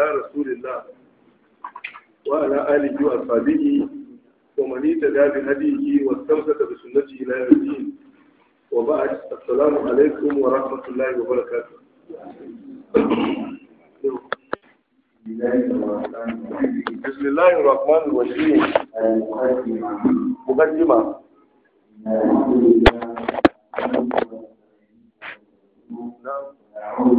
على رسول الله وعلى آله وأصحابه ومن اهتدى بهديه واستمسك بسنته إلى يوم الدين وبعد السلام عليكم ورحمة الله وبركاته بسم الله الرحمن الرحيم مقدمة نعم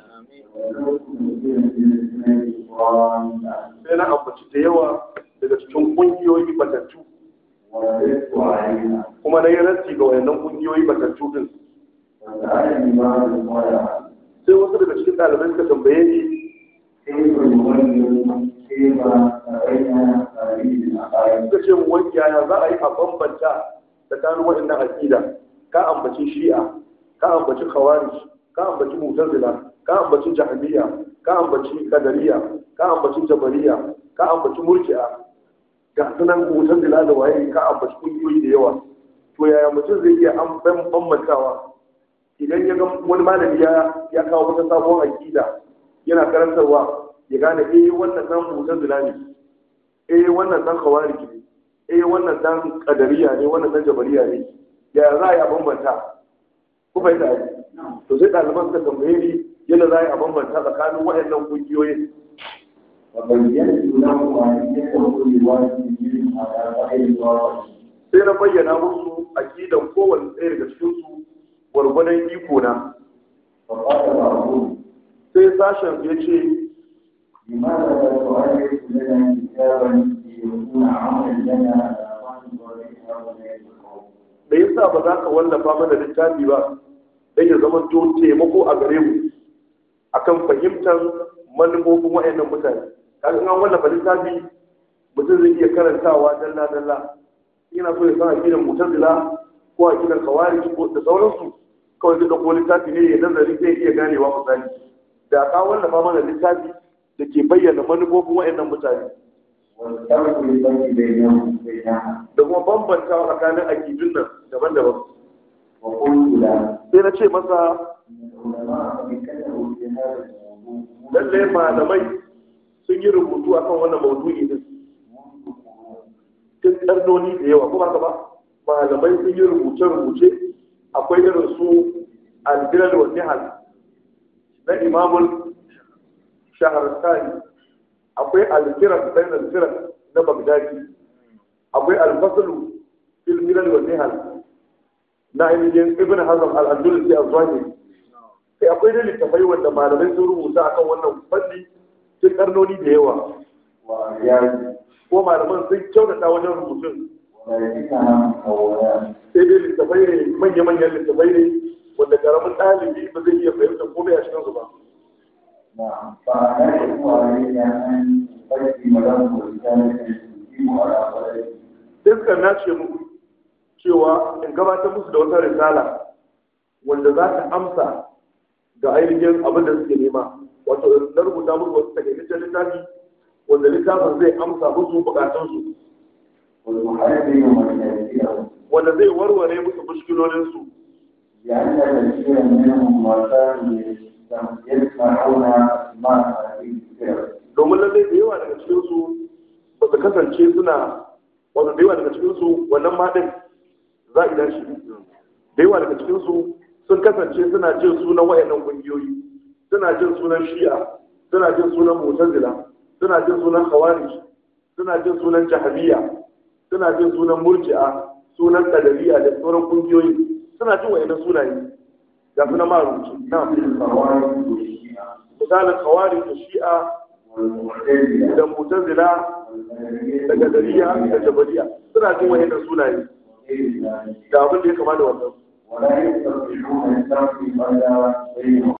sai na ambaci da yawa daga cikin ƙungiyoyi batattu kuma na yi rasi ga wayannan ƙungiyoyi batattu din sai wasu daga cikin ɗalibai suka tambaye ni suka ce wani yaya za a yi a bambanta tsakanin waɗannan aƙida ka ambaci shi'a ka ambaci khawarij ka ambaci mutazila ka ambaci jahiliya ka ambaci kadariya ka ambaci jabariya ka ambaci murji'a ga sunan hoton dila da waye ka ambaci kungiyoyi da yawa to yaya mutum zai iya an bambantawa idan ya ga wani malami ya ya kawo wata sabuwar aƙida yana karantarwa ya gane eh wannan dan hoton dila ne eh wannan dan khawariji ne eh wannan dan kadariya ne wannan dan jabariya ne yaya za a bambanta ku fahimta to sai ɗaliban suka tambaye ni yadda za a yi a bambanta tsakanin waɗannan kungiyoyin sai na bayyana musu kidan kowane tsaye daga cikinsu gwargwadon iko na sai sashen ya ce da yasa ba za ka wallafa mana littafi ba don ya zama to taimako a gare mu akan fahimtar manufofin wa'annan mutane kaga an wallafa littafi mutum zai iya karantawa dalla dalla yana so ya san akidan mutazila ko akidan kawari ko da sauransu kawai zai ko littafi ne ya nazari zai iya ganewa misali da ka wallafa mana littafi da ke bayyana manufofin wa'annan mutane da kuma bambanta wa tsakanin akidun nan daban-daban sai na ce masa lallai malamai sun yi rubutu a kan wannan maudu'i din tun karnoni da yawa kuma ba malamai sun yi rubuce-rubuce akwai irin su albilal wa nihal na imamul shaharstani akwai alkiran bayan alkiran na bagdadi akwai alfasalu fil milal wa nihal na ainihin ibn hazm al-andalusi az-zahiri akwai da littafai wanda malamai sun rubuta akan wannan fanni cikin karnoni da yawa ko malaman sun kyautata wajen rubutun sai dai littafai ne manya-manyan littafai ne wanda karamin ɗalibi ba zai iya fahimtar komai a cikin su ba Iskar na ce muku cewa in gabatar musu da wata risala wanda za ta amsa ga ainihin abin da suke nema wato na rubuta musu wasu takaitaccen littafi wanda littafin zai amsa musu bukatunsu wanda zai warware musu mushkilolinsu domin lalle, da yawa daga cikinsu ba su kasance suna wato da yawa daga cikinsu wannan maɗin za a yi dashi da yawa daga cikinsu sun kasance suna jin sunan wayannan kungiyoyi suna jin sunan shi'a suna jin sunan mutazila suna jin sunan khawarij suna jin sunan jahabiyya suna jin sunan murji'a sunan qadariyya da sauran kungiyoyi suna jin wayannan sunaye ga sunan marubuci na misalin khawarij da shi'a da mutazila da qadariyya da jabariya suna jin wayannan sunaye ga abin da ya kama da wannan ولا يستطيعون الترك ولا غيره